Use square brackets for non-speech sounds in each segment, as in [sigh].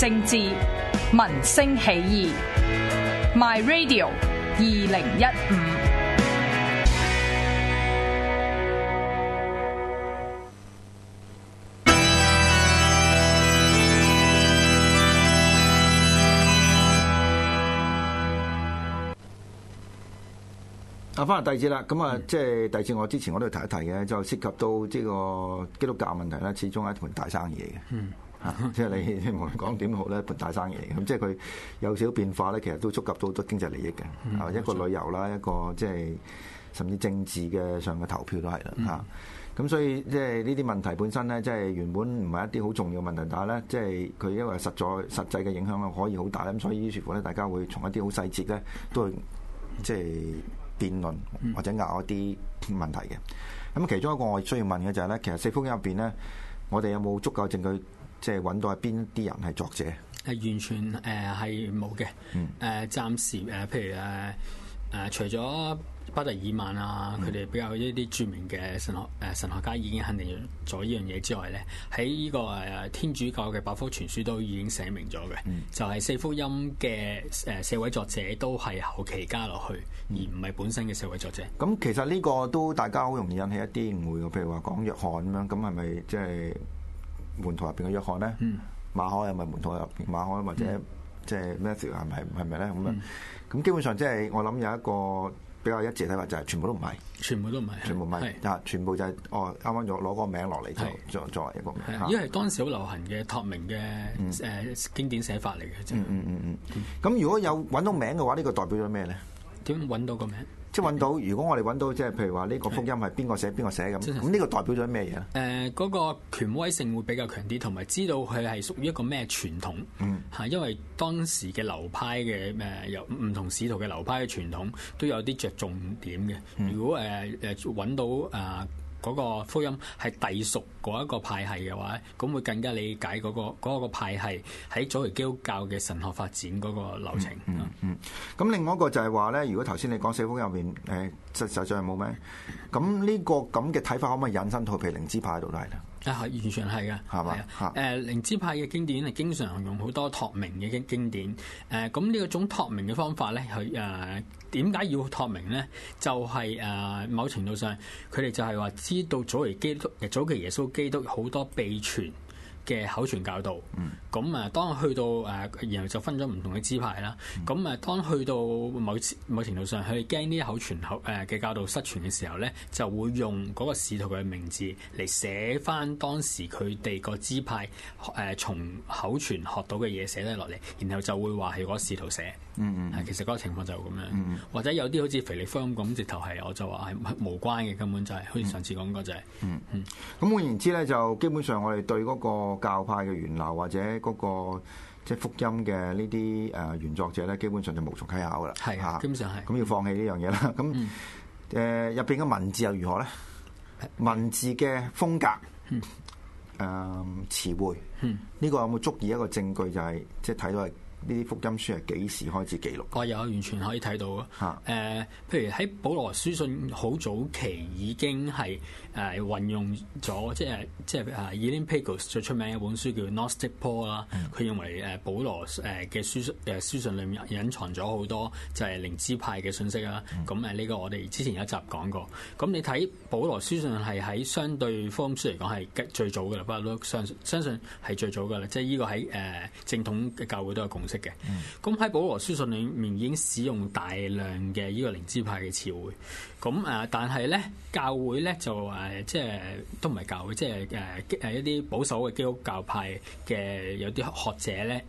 政治民聲起義，My Radio 二零一五。啊，翻嚟第二次啦，咁啊、嗯，即係第二次，我之前我都提一提嘅，就涉及到即係個基督教問題啦，始終係一團大生意嘅，嗯。即係 [music] [laughs] 你無論講點好咧，盤大生意咁，即係佢有少少變化咧，其實都觸及到好多經濟利益嘅。啊、嗯，一個旅遊啦，一個即係甚至政治嘅上嘅投票都係啦。嚇、嗯！咁所以即係呢啲問題本身咧，即、就、係、是、原本唔係一啲好重要問題，但係咧，即係佢因為實在實際嘅影響量可以好大咧，咁所以於是乎咧，大家會從一啲好細節咧，都會即係辯論或者咬一啲問題嘅。咁、嗯嗯、其中一個我需要問嘅就係、是、咧，其實四福音入邊咧，我哋有冇足夠證據？即係揾到係邊啲人係作者？係完全誒係冇嘅。誒、嗯、暫時誒，譬如誒誒，除咗巴特爾曼啊，佢哋比較一啲著名嘅神學誒神學家已經肯定咗呢樣嘢之外咧，喺呢個誒天主教嘅百科全書都已經寫明咗嘅，就係、是、四福音嘅誒四位作者都係後期加落去，而唔係本身嘅四位作者。咁、嗯、其實呢個都大家好容易引起一啲誤會嘅，譬如話講約翰咁樣，咁係咪即係？門徒入邊嘅約翰咧，馬可又咪門徒入邊馬可，或者即係馬太係咪係咪咧？咁啊，咁基本上即係我諗有一個比較一致睇法，就係全部都唔係，全部都唔係，全部唔係，啊，全部就係哦，啱啱攞攞個名落嚟做作為一個名。因為當時好流行嘅託名嘅誒經典寫法嚟嘅啫。嗯嗯嗯，咁如果有揾到名嘅話，呢個代表咗咩咧？點揾到個名？即揾到，如果我哋揾到，即係譬如話呢個福音係邊個寫邊個寫咁，咁呢個代表咗咩嘢咧？誒、呃，嗰、那個權威性會比較強啲，同埋知道佢係屬於一個咩傳統，嚇、嗯，因為當時嘅流派嘅誒，有、呃、唔同使徒嘅流派嘅傳統都有啲着重點嘅。嗯、如果誒誒揾到啊～、呃嗰個福音係隸屬嗰一個派系嘅話，咁會更加理解嗰，嗰個嗰個派系喺早期基督教嘅神學發展嗰個流程。嗯，咁，嗯嗯嗯，另外一個就係話咧，如果頭先你講四福音入面，誒、欸、實在上冇咩，咁呢個咁嘅睇法可唔可以引申套譬如靈芝派度嚟咧？啊，係完全係噶，係嘛吧？誒、呃，靈知派嘅經典係經常用好多託名嘅經經典。誒、呃，咁呢個種託名嘅方法咧，佢誒點解要託名咧？就係、是、誒、呃、某程度上，佢哋就係話知道早期基督，早期耶穌基督好多秘傳。嘅口傳教導，咁啊，當去到誒、啊，然後就分咗唔同嘅支派啦。咁啊，當去到某某程度上，佢驚呢口傳口誒嘅教導失傳嘅時候咧，就會用嗰個使徒嘅名字嚟寫翻當時佢哋個支派誒從口傳學到嘅嘢寫低落嚟，然後就會話係嗰使徒寫。嗯嗯，嗯嗯，其實嗰個情況就咁樣。嗯嗯嗯嗯或者有啲好似腓力番咁直頭係，我就話係乜無關嘅根本就係、是，好似上次講過就係。嗯嗯，嗯嗯，咁換言之咧，就基本上我哋對嗰個。教派嘅源流或者嗰個即係福音嘅呢啲誒原作者咧，基本上就無從稽考噶啦，係嚇，基本上係。咁要放棄呢樣嘢啦。咁誒入邊嘅文字又如何咧？文字嘅風格，誒詞彙，嗯，呢個有冇足以一個證據，就係即係睇到係。呢啲福音書係幾時開始記錄？我有完全可以睇到啊！誒、呃，譬如喺保羅書信好早期已經係誒、呃、運用咗，即係即係誒 Elaine Pagels 最出名一本書叫 Gnostic Paul 啦的。佢認為誒保羅誒嘅書誒、呃、書信裏面隱藏咗好多就係靈知派嘅信息啦。咁誒呢個我哋之前有一集講過。咁你睇保羅書信係喺相對福音書嚟講係最早噶啦，不過相相信係最早噶啦。即係呢個喺誒正統嘅教會都有共。識嘅，咁喺、嗯《保羅書信》裏面已經使用大量嘅呢個靈知派嘅詞彙，咁誒，但係咧教會咧就誒、呃，即係都唔係教會，即係誒，係、呃、一啲保守嘅基督教派嘅有啲學者咧，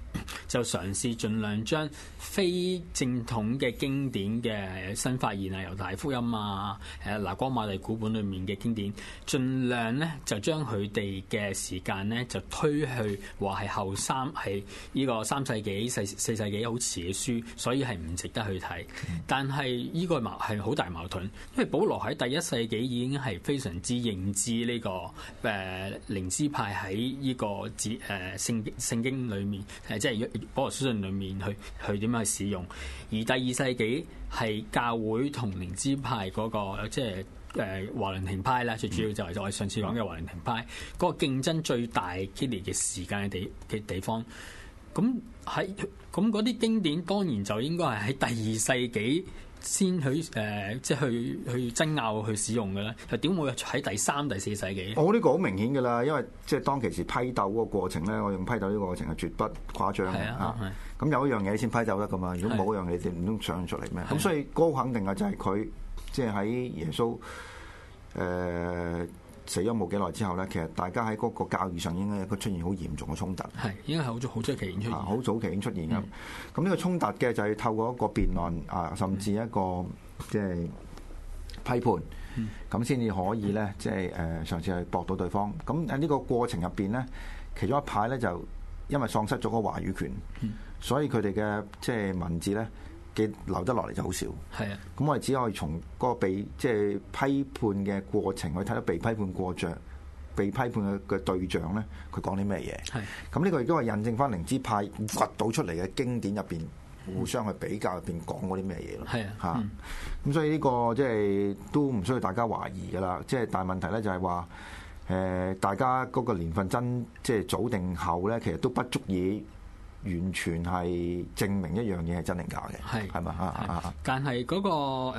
就嘗試盡量將非正統嘅經典嘅新發現啊，猶大福音啊，誒、呃，拿光馬利古本裏面嘅經典，盡量咧就將佢哋嘅時間咧就推去話係後三係呢個三世紀。四四世紀好遲嘅書，所以係唔值得去睇。但係呢個矛係好大矛盾，因為保羅喺第一世紀已經係非常之認知呢、這個誒、呃、靈知派喺呢、這個字誒、呃、聖聖經裏面誒，即係保羅書信裏面去去點樣去使用。而第二世紀係教會同靈知派嗰、那個即係誒華倫廷派咧，最主要就係我上次講嘅華倫廷派嗰、那個競爭最大激烈嘅時間嘅地嘅地方。咁喺咁嗰啲經典當然就應該係喺第二世紀先去誒、呃，即係去去爭拗去使用嘅咧。係點會喺第三、第四世紀？我呢個好明顯嘅啦，因為即係當其時批鬥嗰個過程咧，我用批鬥呢個過程係絕不誇張嚇。咁、啊啊啊啊、有一樣嘢先批鬥得噶嘛，如果冇一樣嘢，你哋唔通唱出嚟咩？咁、啊、所以嗰個肯定嘅就係佢，即係喺耶穌誒。呃呃死咗冇幾耐之後咧，其實大家喺嗰個教育上應該有一個出現好嚴重嘅衝突，係應該係好早好早期出現，好、啊、早期已經出現咁。咁呢、嗯、個衝突嘅就係透過一個辯論啊，甚至一個即係批判，咁先至可以咧，即係誒上次係駁到對方。咁喺呢個過程入邊咧，其中一派咧就因為喪失咗個話語權，嗯、所以佢哋嘅即係文字咧。嘅留得落嚟就好少，係啊，咁我哋只可以從個被即係、就是、批判嘅過程去睇到被批判過着被批判嘅嘅對象咧，佢講啲咩嘢？係，咁呢個亦都係印證翻靈知派掘到出嚟嘅經典入邊、嗯、互相去比較入邊講過啲咩嘢咯。係是的 啊，咁、嗯、所以呢個即、就、係、是、都唔需要大家懷疑噶啦。即係但係問題咧就係話，誒大家嗰個年份真即係、就是、早定後咧，其實都不足以。完全係證明一樣嘢係真定假嘅，係係嘛？啊，但係嗰、嗰個、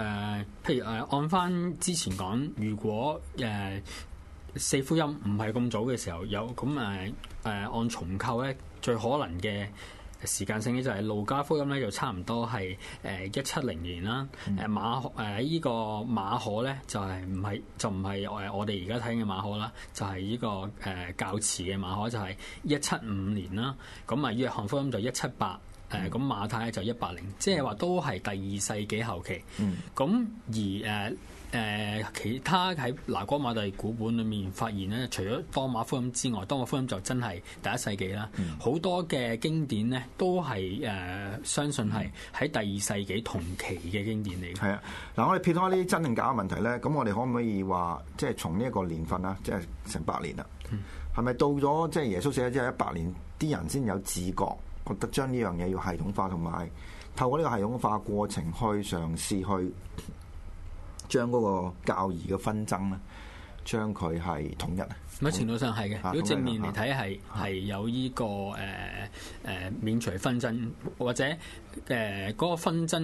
呃、譬如誒，按翻之前講，如果誒、呃、四福音唔係咁早嘅時候有咁誒誒，按重構咧，最可能嘅。時間性咧就係路加福音咧就差唔多係誒一七零年啦，誒、嗯、馬誒依、呃這個馬可咧就係唔係就唔係誒我哋而家睇嘅馬可啦，就係、是、呢、這個誒、呃、較遲嘅馬可就係一七五年啦，咁啊約翰福音就一七八，誒咁馬太咧就一八零，即係話都係第二世紀後期。嗯，咁而誒。誒其他喺拿戈馬蒂古本裏面發現咧，除咗多馬福音之外，多馬福音就真係第一世紀啦。好、嗯、多嘅經典咧，都係誒、呃、相信係喺第二世紀同期嘅經典嚟嘅。係啊，嗱，我哋撇開呢啲真定假嘅問題咧，咁我哋可唔可以話，即係從呢一個年份啦，即係成百年啦，係咪、嗯、到咗即係耶穌死咗之後一百年，啲人先有自覺，覺得將呢樣嘢要系統化，同埋透過呢個系統化過程去嘗試去。將嗰個教義嘅紛爭咧，將佢係統一啊！咁嘅程度上係嘅，如果一正面嚟睇係係有呢、這個誒誒、呃呃、免除紛爭，或者誒嗰、呃那個紛爭，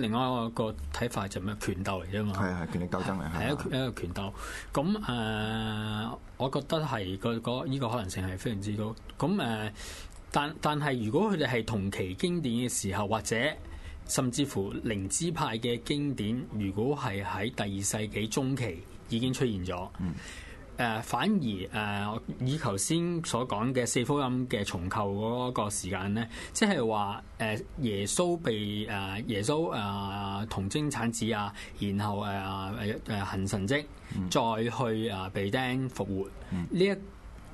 另外一個睇法就係咩權鬥嚟啫嘛！係係是，是權力鬥爭嚟，係一個一個權鬥。咁誒、呃，我覺得係、那個個依、這個可能性係非常之高。咁誒，但但係如果佢哋係同期經典嘅時候，或者甚至乎靈知派嘅經典，如果係喺第二世紀中期已經出現咗，誒、嗯、反而誒、呃、以頭先所講嘅四福音嘅重構嗰個時間咧，即係話誒耶穌被誒、啊、耶穌誒童貞產子啊，然後誒誒行神蹟，嗯、再去誒被釘復活呢、嗯、一。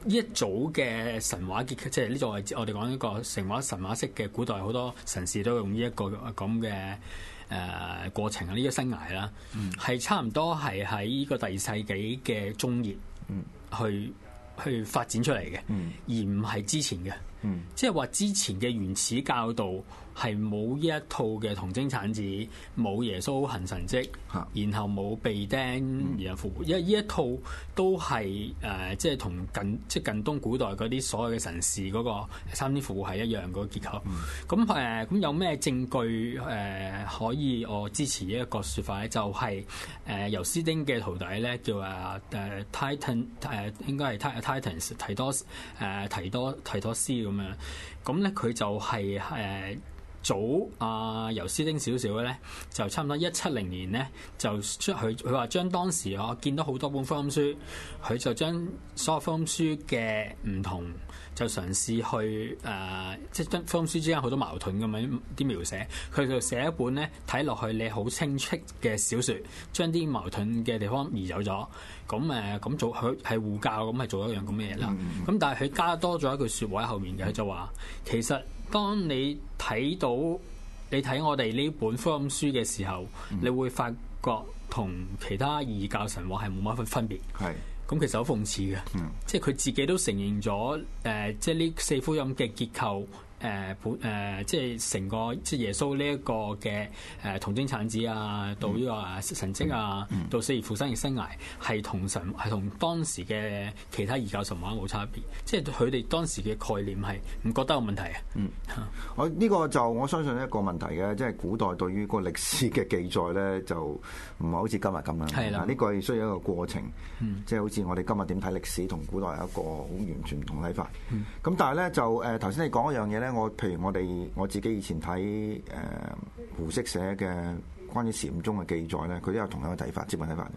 一早嘅神話結，即係呢個係我哋講一個神話神話式嘅古代好多神士都用呢、這、一個咁嘅誒過程啊，呢、這個生涯啦，係、嗯、差唔多係喺呢個第二世紀嘅中葉去、嗯、去發展出嚟嘅，嗯、而唔係之前嘅。嗯，即係話之前嘅原始教導係冇呢一套嘅童貞產子，冇耶穌行神跡，然後冇被釘，然後復活，因為呢一套都係誒、呃，即係同近即係近東古代啲所謂嘅神士個三 d 服務係一樣個結構。咁誒、嗯，咁、呃、有咩證據誒、呃、可以我支持呢一個說法咧就係、是、誒、呃，由斯丁嘅徒弟咧叫誒誒、uh, Titan，誒、uh, 應該係 Titanes 提多誒提多提多，提多斯。咁咧，佢就係、是、誒、呃早啊、呃，由游斯丁少少嘅咧，就差唔多一七零年咧，就將佢佢話將當時我見到好多本福音書，佢就將所有福音書嘅唔同，就嘗試去誒、呃，即係將福音書之間好多矛盾咁樣啲描寫，佢就寫一本咧睇落去你好清晰嘅小説，將啲矛盾嘅地方移走咗。咁誒咁做佢係護教咁，係做一樣咁嘅嘢啦。咁、嗯、但係佢加了多咗一句説話喺後面嘅，佢就話其實。當你睇到你睇我哋呢本福音書嘅時候，嗯、你會發覺同其他異教神話係冇乜分分別。係是，咁其實好諷刺嘅。嗯，即係佢自己都承認咗，誒、呃，即係呢四福音嘅結構。誒本誒即係成個即係耶穌呢一個嘅誒童貞產子啊，到呢個啊神蹟啊，到死而復生嘅生涯，係同神係同當時嘅其他異教神話冇差別，即係佢哋當時嘅概念係唔覺得有問題啊。嗯，嗯我呢個就我相信一個問題嘅，即係古代對於個歷史嘅記載咧，就唔係好似今日咁樣。係啦，呢個亦需要一個過程，即係、嗯、好似我哋今日點睇歷史，同古代係一個好完全唔同睇法。咁、嗯嗯、但係咧，就誒頭先你講一樣嘢咧。我譬如我哋我自己以前睇誒胡適寫嘅關於禪宗嘅記載咧，佢都有同樣嘅睇法，接問睇法，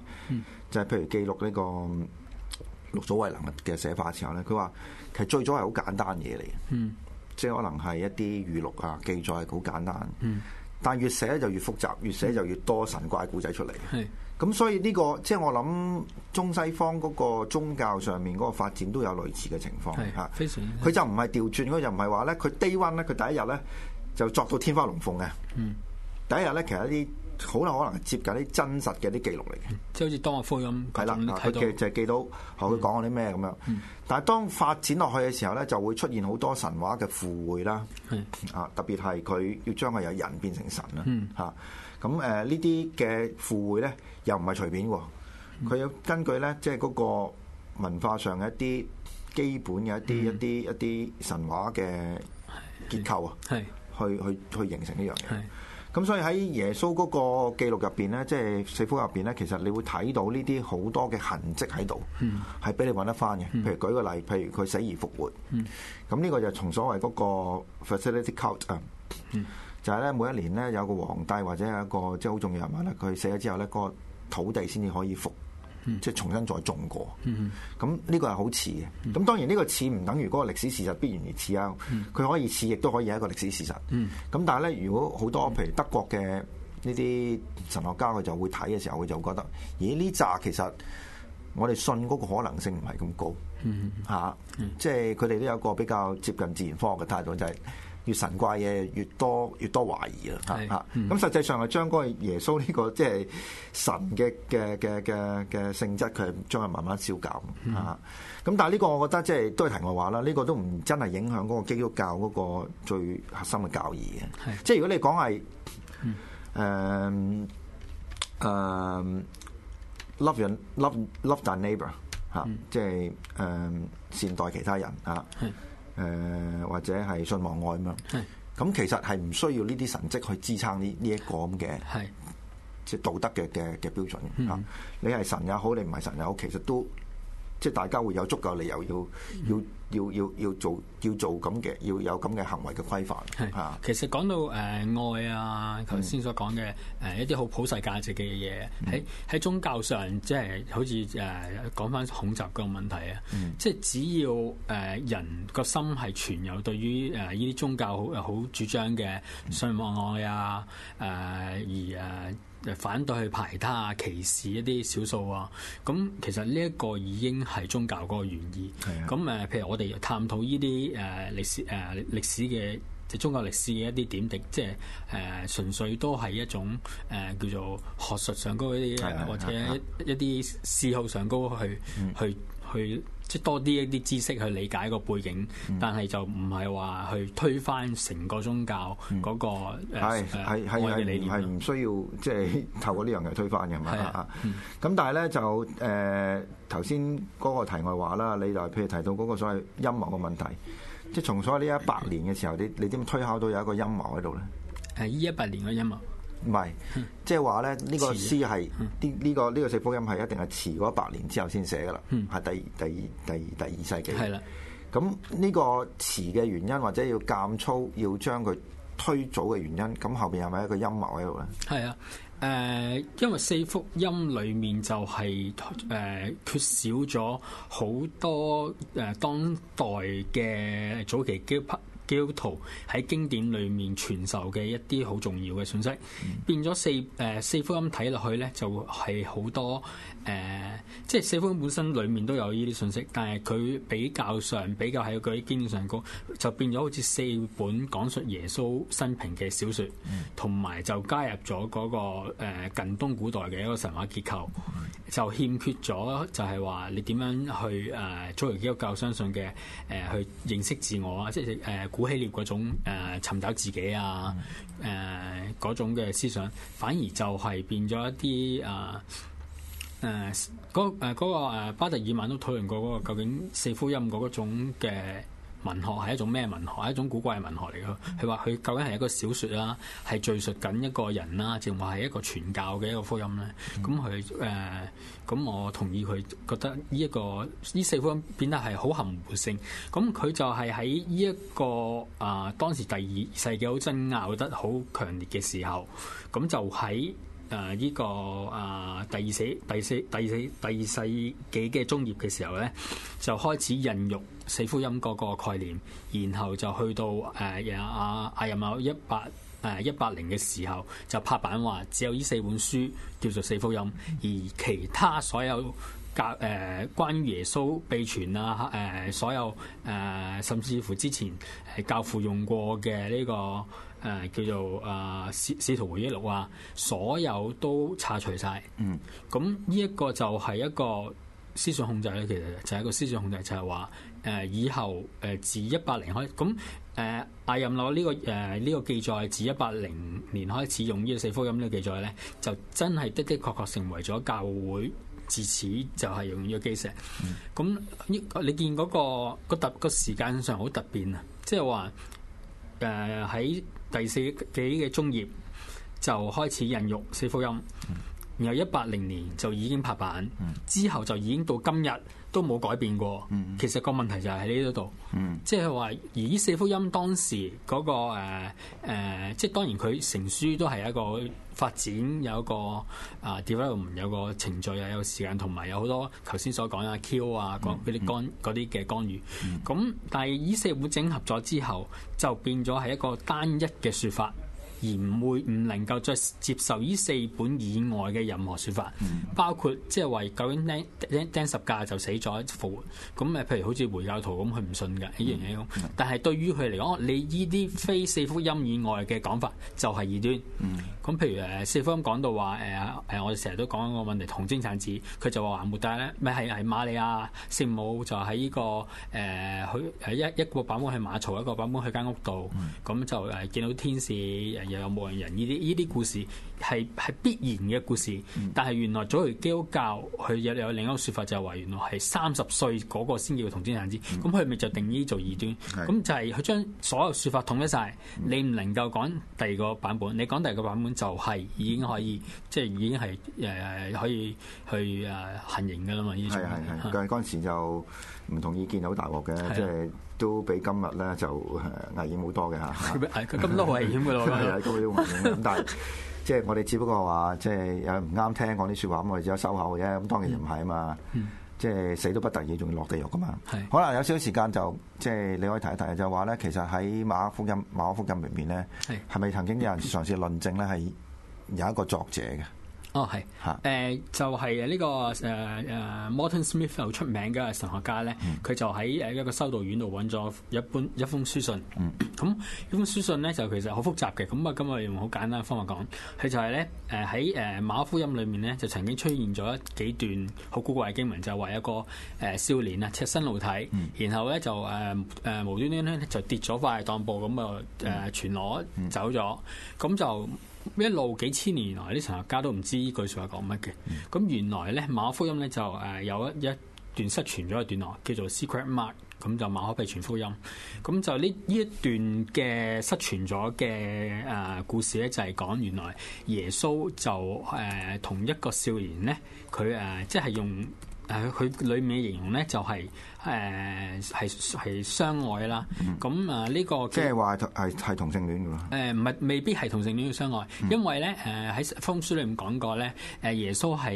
就係譬如記錄呢個六祖惠能嘅寫法嘅時候咧，佢話其實最早係好簡單嘢嚟嘅，即係可能係一啲語錄啊、記載係好簡單，但係越寫就越複雜，越寫就越多神怪古仔出嚟。咁所以呢個即係我諗中西方嗰個宗教上面嗰個發展都有類似嘅情況嘅嚇，佢是是就唔係調轉嗰個，就唔係話咧佢低温咧，佢第一日咧就作到天花龍鳳嘅。嗯，第一日咧其實一啲好有可能係接近啲真實嘅啲記錄嚟嘅、嗯，即係好似當阿輝咁係啦，佢就係記到學佢講嗰啲咩咁樣。但係當發展落去嘅時候咧，就會出現好多神話嘅附會啦。啊的，特別係佢要將佢由人變成神啦。嗯，嗯咁誒呢啲嘅附會咧，又唔係隨便喎，佢有根據咧，即係嗰個文化上嘅一啲基本嘅一啲一啲一啲神話嘅結構啊，係去去去形成呢樣嘢。係咁，所以喺耶穌嗰個記錄入邊咧，即係四福音入邊咧，其實你會睇到呢啲好多嘅痕跡喺度，係俾、嗯、你揾得翻嘅。譬如舉個例，譬如佢死而復活，咁呢、嗯、個就從所謂嗰個 facility cult 啊。嗯就係咧，每一年咧有個皇帝或者有一個即係好重要人物咧，佢死咗之後咧，個土地先至可以復，即係重新再種過。咁呢個係好似嘅。咁當然呢個似唔等於嗰個歷史事實必然而似啊。佢可以似，亦都可以係一個歷史事實。咁但係咧，如果好多譬如德國嘅呢啲神學家，佢就會睇嘅時候，佢就覺得，咦呢扎其實我哋信嗰個可能性唔係咁高吓。即係佢哋都有個比較接近自然科學嘅態度，就係。越神怪嘢越多，越多懷疑啊，嚇是，咁實際上係將嗰個耶穌呢個即係神嘅嘅嘅嘅嘅性質，佢係將佢慢慢消減。嚇是，咁但係呢個我覺得即係都係題外話啦。呢、呢個都唔真係影響嗰個基督教嗰個最核心嘅教義嘅。係是，即係如果你講係誒誒 love your love love thy neighbour 嚇，即係誒、呃、善待其他人啊。是誒或者係信望愛咁樣，咁是其實係唔需要呢啲神蹟去支撐呢呢一個咁嘅，即係道德嘅嘅嘅標準啊！是你係神也好，你唔係神也好，其實都即係大家會有足夠理由要是要。要要要做要做咁嘅，要有咁嘅行為嘅規範，係是啊，其實講到誒愛啊，頭先所講嘅誒一啲好普世價值嘅嘢，喺喺、嗯、宗教上，即係好似誒講翻恐襲個問題啊，嗯、即係只要誒人個心係存有對於誒呢啲宗教好又好主張嘅信望愛啊，誒、嗯、而誒反對去排他啊、歧視一啲少數啊，咁其實呢一個已經係宗教嗰個原意。係啊，咁誒譬如我。嚟探討呢啲誒歷史誒歷史嘅即係中國歷史嘅一啲點滴，即係誒純粹都係一種誒、呃、叫做學術上高一啲， [music] 或者一啲嗜好上高去去去。 [music] 去去去即多啲一啲知識去理解個背景，嗯、但係就唔係話去推翻成個宗教嗰、嗰個係係係係嘅理係唔需要即係透過呢樣嘢推翻嘅嘛。咁但係咧就誒頭先嗰個題外話啦，你就譬如提到嗰個所謂陰謀嘅問題，即從所謂呢一百年嘅時候，你你點推敲到有一個陰謀喺度咧？誒、啊，呢一百年嘅陰謀。唔係，即係話咧，呢、就是、個詩係啲呢個呢、這個四福音係一定係遲咗百年之後先寫噶啦，係、嗯、第第第第二世紀。係啦、嗯，咁呢個遲嘅原因或者要減粗，要將佢推早嘅原因，咁後邊係咪一個陰謀喺度咧？係啊，誒、呃，因為四福音裡面就係誒缺少咗好多誒當代嘅早期教徒喺經典裏面傳授嘅一啲好重要嘅信息，嗯、變咗四誒、呃、四福音睇落去咧，就係、是、好多誒、呃、即係四福音本身裏面都有呢啲信息，但係佢比較上比較喺嗰啲經典上高，就變咗好似四本講述耶穌生平嘅小說，同埋、嗯、就加入咗、嗰個誒、呃、近東古代嘅一個神話結構，就欠缺咗就係話你點樣去誒作為基督教，教相信嘅誒、呃、去認識自我啊，即係誒。呃呃古希臘嗰種誒、呃、尋找自己啊誒嗰、呃、種嘅思想，反而就係變咗一啲誒誒嗰誒個、呃、巴特爾曼都討論過嗰、嗰個究竟四福音嗰種嘅文學係一種咩文學？係一種古怪嘅文學嚟嘅。佢話佢究竟係一個小説啦，係敍述緊一個人啦，定話係一個傳教嘅一個福音咧？咁佢誒，咁、呃嗯、我同意佢覺得呢、這、一個呢四福音變得係好含糊性。咁、嗯、佢就係喺呢一個啊、呃、當時第二世紀好爭拗得好強烈嘅時候，咁、嗯、就喺。誒依個誒第二世第二世第二世紀嘅中葉嘅時候咧，就開始孕育「四福音」嗰個概念，然後就去到誒阿阿阿任某一八誒一八零嘅時候，就拍板話只有呢四本書叫做四福音，而其他所有。教誒、呃、關於耶穌秘傳啊，誒、呃、所有誒、呃、甚至乎之前教父用過嘅呢、這個誒、呃、叫做啊使、呃、徒回憶錄啊，所有都拆除晒。嗯，咁呢一個就係一個思想控制咧，其實就係一個思想控制，就係話誒以後誒、呃、自一百零開咁誒亞任羅呢、這個誒呢、呃這個記載自一百零年開始用呢個四福音嘅記載咧，就真係的，的的確確成為咗教會。自此就係用呢個基石。咁呢、嗯，你見嗰、嗰個、嗰個突、嗰個時間上好突變啊！即係話，誒、呃、喺第四紀嘅中葉就開始孕育四福音。嗯然後一八零年就已經拍板，嗯、之後就已經到今日都冇改變過。嗯、其實個問題就喺呢度，即係話而呢四福音當時嗰、那個誒、呃呃、即係當然佢成書都係一個發展，有一個啊 development，有個程序，又有個時間，同埋有好多頭先所講啊 Q、o、啊，嗰啲幹啲嘅干預。咁、嗯、但係呢四本整合咗之後，就變咗係一個單一嘅說法。而唔會唔能夠再接受呢四本以外嘅任何說法，嗯、包括即係話究竟釘十架就死咗復活，咁誒譬如好似回教徒咁，佢唔信㗎呢樣嘢。Own，嗯、但係對於佢嚟講，你呢啲非四福音以外嘅講法就係異端。咁譬如誒四福音講到話誒誒，我哋成日都講個問題童貞產子，佢就話亞穆達咧，咪係係係瑪利亞聖母就喺呢個誒佢係一一個版本係馬槽，一個版本去，去間屋度，咁、嗯、就誒見到天使。又有牧羊人，依啲依啲故事。係係必然嘅故事，但係原來早期基督教佢有有另一個説法，就係話原來係三十歲嗰個先叫同親親子神知。咁佢咪就定義做異端？咁是的 就係佢將所有説法統一晒。嗯、你唔能夠講第二個版本，你講第二個版本就係已經可以，即、就、係、是、已經係誒可以去誒行刑㗎啦嘛。係係係，但係嗰陣時就唔同意見到大鑊嘅，即係是的 都比今日咧就危險好多嘅吓？係咁多危險㗎咯。係啊， [laughs] 都好危險。咁但係。即係我哋只不過話，即係有唔啱聽講啲説話，咁我哋只有收口嘅啫。咁當然唔係啊嘛，嗯、即係死都不得已，仲要落地獄噶嘛。係是，可能有少少時間就即係你可以提一提，就話咧，其實喺馬可福音、馬可福音裏面咧，係咪是曾經有人嘗試論證咧，係有一個作者嘅？哦，係，誒就係呢個誒誒 Martin Smith 好出名嘅神學家咧，佢就喺誒一個修道院度揾咗一本一封書信。咁呢封書信咧就其實好複雜嘅，咁啊今日用好簡單嘅方法講，佢就係咧誒喺誒馬福音裏面咧就曾經出現咗幾段好古怪嘅經文，就話一個誒少年啊赤身露體，然後咧就誒誒無端端咧就跌咗塊當布，咁啊誒全裸走咗，咁就。一路幾千年來啲神學家都唔知呢句說話講乜嘅，咁、嗯、原來咧馬可福音咧就誒有一一段失傳咗一段落，叫做 Secret Mark，咁就馬可秘傳福音，咁就呢呢一段嘅失傳咗嘅誒故事咧，就係、是、講原來耶穌就誒、呃、同一個少年咧，佢誒、呃、即係用誒佢裏面嘅形容咧就係、是。誒係係相愛啦，咁啊呢個即係話係係同性戀㗎嘛？誒唔係未必係同性戀嘅相愛，因為咧誒喺《封書》裏面講過咧，誒耶穌係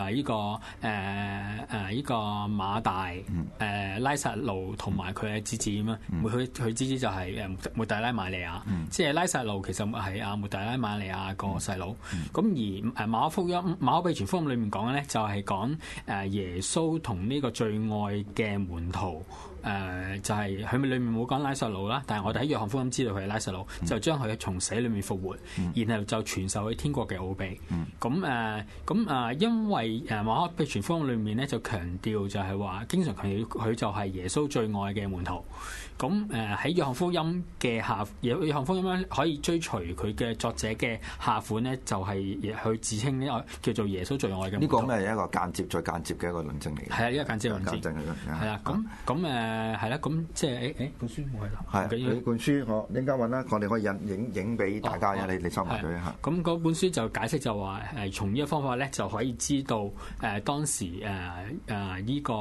愛誒依個誒誒依個馬大誒拉撒路同埋佢嘅姊姊咁啊，佢佢姊姊就係誒抹大拉瑪利亞，即係拉撒路其實係阿抹大拉瑪利亞個細佬。咁而誒馬可福音、馬可秘傳福音裏面講嘅咧，就係講誒耶穌同呢個最愛。嘅門徒。誒就係佢咪裡面冇講拉撒路啦，但係我哋喺約翰福音知道佢係拉撒路，就將佢從死裡面復活，然後就傳授喺天國嘅奧秘。咁誒咁誒，因為誒馬可秘傳福音裏面咧就強調就係話，經常強調佢就係耶穌最愛嘅門徒。咁誒喺約翰福音嘅下約翰福音咧可以追隨佢嘅作者嘅下款呢，就係、是、去自稱咧叫做耶穌最愛嘅。呢個咪係一個間接再間接嘅一個論證嚟嘅。係啊，呢、這個間接嘅論證。係咁咁誒。誒係啦，咁即係誒誒本書我係啦，係佢本書我而家揾，啦，我哋可以影影影俾大家嘅、哦，你你收埋佢啊嚇。咁嗰本書就解釋就話誒，從呢個方法咧就可以知道誒當時誒誒呢個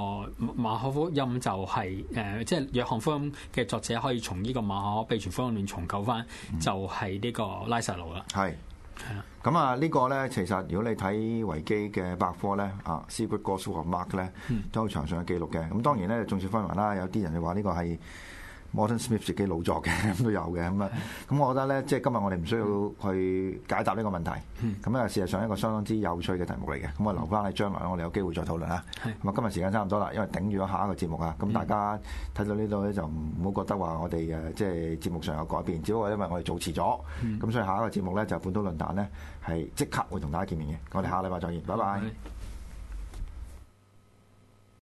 馬可福音就係誒即係約翰福音嘅作者，可以從呢個馬可秘傳福音入面重構翻，就係呢個拉撒路啦。係。嗯係啦，咁啊呢個咧，其實如果你睇維基嘅百科咧，啊 Secret Gospel Mark 咧，都有牆上嘅記錄嘅。咁當然咧，眾說紛紜啦，有啲人就話呢個係，Morton Smith 自己老作嘅咁都有嘅咁啊，咁是的 我覺得咧，是的 即係今日我哋唔需要去解答呢個問題。咁啊，事實上一個相當之有趣嘅題目嚟嘅。咁是的 我留翻喺將來，我哋有機會再討論啊。咁啊，今日時間差唔多啦，因為頂住咗下一個節目啊。咁是的 大家睇到呢度咧，就唔好覺得話我哋誒即係節目上有改變，只不過因為我哋做遲咗，咁是的 所以下一個節目咧就是、本土論壇咧係即刻會同大家見面嘅。我哋下禮拜再見，拜拜。